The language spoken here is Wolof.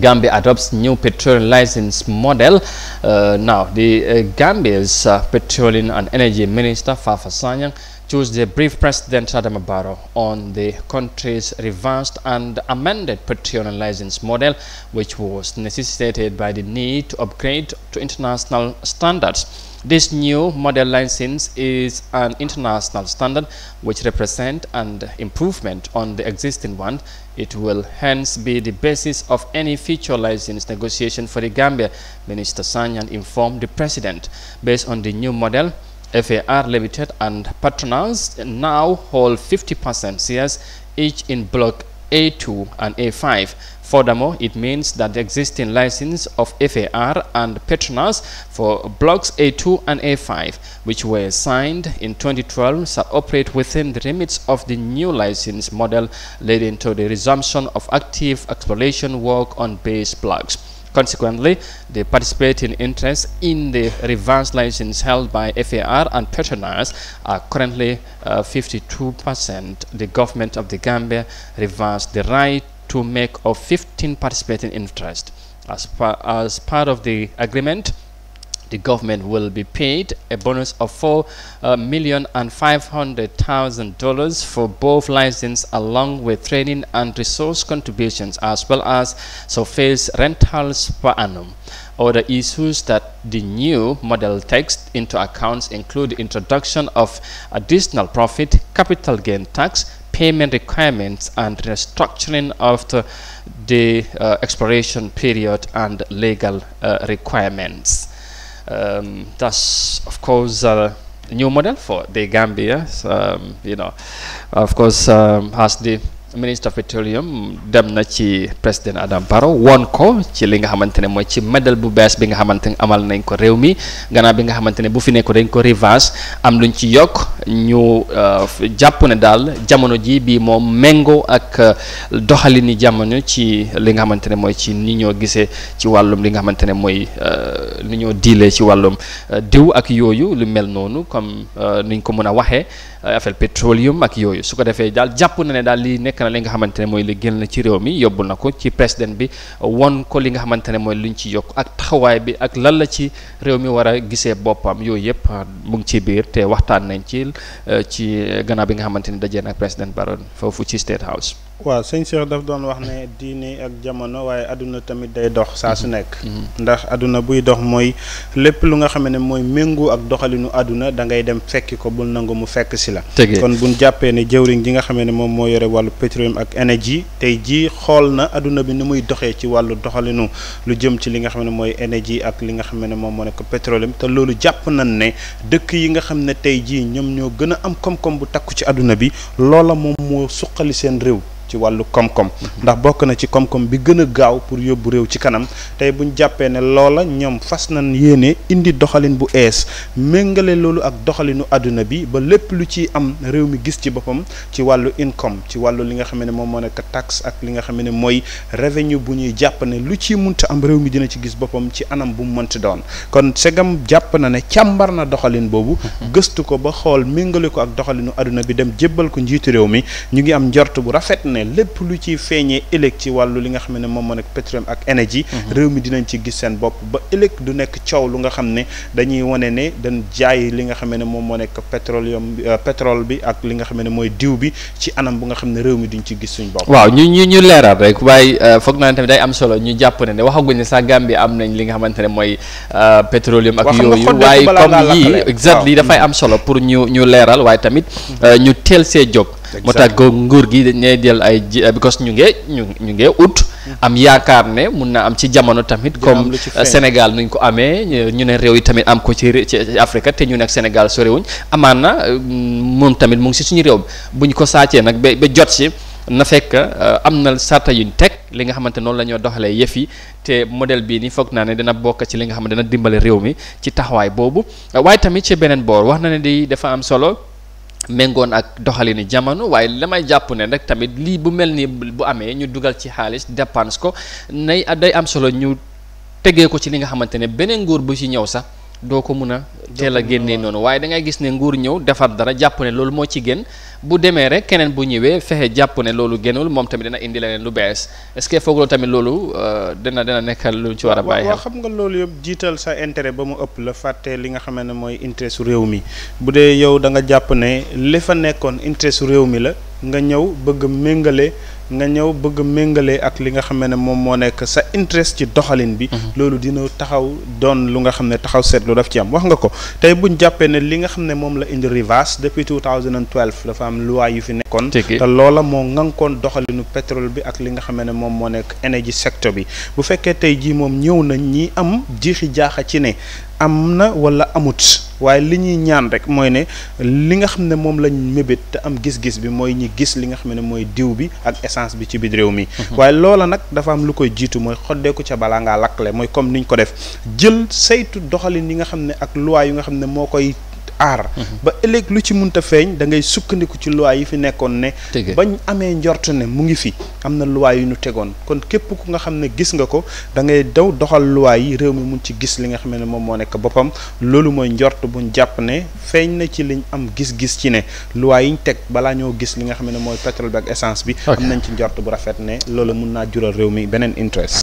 Gambia adopts new petroleum license model. Uh, now, the uh, Gambia's uh, petroleum and energy minister, Fafa Sanyang, Tuesday, brief President Adama Barrow on the country's revised and amended petroleum license model, which was necessitated by the need to upgrade to international standards. This new model license is an international standard which represents an improvement on the existing one. It will hence be the basis of any future license negotiation for the Gambia, Minister Sanyan informed the President. Based on the new model, FAR Limited and Patronals now hold 50% shares each in Block A2 and A5. Furthermore, it means that the existing license of FAR and Petronas for blocks A2 and A5, which were signed in 2012, shall operate within the limits of the new license model, leading to the resumption of active exploration work on base blocks. Consequently, the participating interests in the reverse license held by FAR and Petronas are currently 52%. Uh, the government of the Gambia reversed the right to make of 15 participating interests. As, par as part of the agreement, the government will be paid a bonus of four uh, million and five hundred thousand dollars for both license along with training and resource contributions as well as surface rentals per annum other issues that the new model takes into account include introduction of additional profit capital gain tax payment requirements and restructuring after the uh, expiration period and legal uh, requirements um, that's of course a uh, new model for the Gambia. Um, you know, of course, um, as the ministre of dem na ci président Adam Barrow woon ko ci li nga xamante ne mooy ci medal bu bees bi nga xamante ne amal nañ ko réew mi gannaaw bi nga xamante ne bu fi nekk dañ ko revanche am luñ ci yokk ñu euh, jàpp ne daal jamono ji bii moom méngoo ak euh, doxalini jamono ci li nga xamante ne mooy ci ni ñoo gisee ci wàllum li nga xamante ne mooy euh, ni ñoo diilee ci wàllum diw ak yooyu lu mel noonu comme niñ ko mën a waxee affaire petroleum ak yooyu su ko defee daal jàpp na ne daal li nekk li nga xamante ne mooy li gën na ci réew mi yóbbu na ko ci président bi won ko li nga xamante ne mooy luñ ci yokk ak taxawaay bi ak lan la ci réew mi war a gisee boppam yooyu yëpp ah, mu ngi ci biir te waxtaan nañ ci eh, ci eh, gannaaw bi nga xamante ni dajee nag président Barrow foofu ci State House. waaw sëñ daf doon wax ne diine ak jamono waaye àdduna tamit day dox saa su nekk. Mm-hmm. ndax àdduna buy dox mooy lépp lu nga xam ne mooy méngoo ak doxalinu àdduna da ngay dem fekki ko bul nangu mu fekk si la. kon buñ jàppee ne jëwriñ ji nga xam ne moom moo yore wàllu pétrole ak énergie tey jii xool na àdduna bi ni muy doxee ci wàllu doxalinu lu jëm ci li nga xam ne mooy énergie ak li nga xam ne moom moo nekk pétrole te loolu jàpp nañ ne dëkk yi nga xam ne tey jii ñoom ñoo gën a am koom bu takku ci àdduna bi loola moom moo suqali seen réew. ci walu kom kom ndax bok na ci kom kom bi gën gaaw pour yobbu rew ci kanam tay buñ jappé né loola ñom fas nañ indi doxalin bu ess mengalé loolu ak doxalinu aduna bi ba lepp lu ci am rew mi gis ci bopam ci walu income ci walu li nga xam ne moom moo nekk ak li nga xam ne mooy bu ñuy japp né lu ci muñta am rew mi dina ci gis bopam ci anam bu mu doon kon segam japp na né ciambar na doxalin bobu mhm. gëstu ko ba xol mengalé ko ak doxalinu aduna bi dem jébal ko njiitu rew mi ñu ngi am njort bu rafet ne lépp lu ci feeñee ëllëg ci wàllu li nga xam ne moom moo nekk pétrole ak énergie mhm. réew mi dinañ ci gis seen bopp ba ëllëg du nekk coow lu nga xam ne dañuy wane ne dañ jaay li nga xam ne moom moo nekk pétrole yom euh, pétrole bi ak li nga xam ne mooy diw bi ci anam bu nga xam ne réew mi duñ ci gis suñ bopp waaw ñu ñu ñu leeral rek waaye euh, foog naa ne tamit day am solo ñu jàpp ne ne waxaguñ ne sax Gambie am nañ li nga xamante ne mooy euh, pétrole ak yooyu waaye comme yii exact lii dafay am solo pour ñu ñu leeral waaye tamit ñu teel mu tàggoo nguur gi dañ lay ay euh, because ñu ngee ñu ñu ngee ut mm-hmm. am yaakaar ne mun na am ci jamono tamit comme euh, Sénégal nuñ ko amee ñu ne réew yi tamit am ko ci ci Afrique te ñu nekk Sénégal sorewuñ amaan na euh, moom tamit mu ngi si suñu réew bu ñu ko saacee nag be ba jot si na fekk am na sarta yuñ teg li nga xamante noonu la ñoo doxalee yëf yi te modèle bii nii foog naa ne dina bokk ci li nga xam ne dina dimbale réew mi ci taxawaay boobu waaye tamit ci beneen boor wax méngoon ak doxalinu jamono waaye damay jàpp ne rek tamit lii bu mel ni bu amee ñu dugal ci xaalis dépense ko nay day am solo ñu tegee ko ci li nga xamante ne beneen nguur bu ci ñëw sax doo ko mun a teel a génnee noonu waaye da ngay gis ne nguur ñëw defar dara jàpp ne loolu moo ci gën bu demee rek keneen bu ñëwee fexe jàpp ne loolu gënul moom tamit dana indi leneen lu bees est-ce que foog tamit loolu euh, dana dina nekkal lu ci war a bàyyi xel xam nga loolu yëpp jiital sa intérêt ba mu ëpp la fàtte li nga xam ne mooy intérêt su réew mi bu dee yow da nga jàpp ne li fa nekkoon intérêt su réew mi la nga ñëw bëgg méngale nga ñëw bëgg méngale ak li nga xam ne moom moo nekk sa interest ci doxalin bi. Mhm. loolu dina taxaw doon lu nga xam ne taxaw seetlu daf ci am wax nga ko tey buñ jàppee ne li nga xam ne moom la indi rivage depuis 2012 dafa am loi yu fi nekkoon. te loola moo ngankoon doxalinu pétrole bi ak li nga xam ne moom moo nekk énergie secteur bi bu fekkee tey jii moom ñëw nañ ñi am jiixi jaaxa ci ne am na wala amut waaye li ñuy ñaan rek mooy ne li nga xam ne moom lañ mébét te am gis-gis bi mooy ñi gis li nga xam ne mooy diw bi ak essance bi ci biir réew mi. Mhm. waaye loola nag dafa am lu koy jiitu mooy xoddeeku ca balaa ngaa lakkle mooy comme niñ ko def jël saytu doxalin yi nga xam ne ak loi yu nga xam ne moo koy. aar. Mhm. ba ëllëg lu ci munta feeñ da ngay sukkandiku ci loi yi fi nekkoon ne. bañ amee njort ne mu ngi fi am na luwaay yu ñu tegoon kon képp ku nga xam ne gis nga ko da ngay daw doxal luwaay yi réew mi mun ci gis li nga xam ne moom moo nekk boppam loolu mooy njort buñ jàpp ne feeñ na ci liñ am gis-gis ci ne loi yiñ teg balaa ñoo gis li nga xam ne mooy pétrole bi ak essence bi. am nañ ci njort bu rafet ne loolu mun naa jural réew mi beneen interest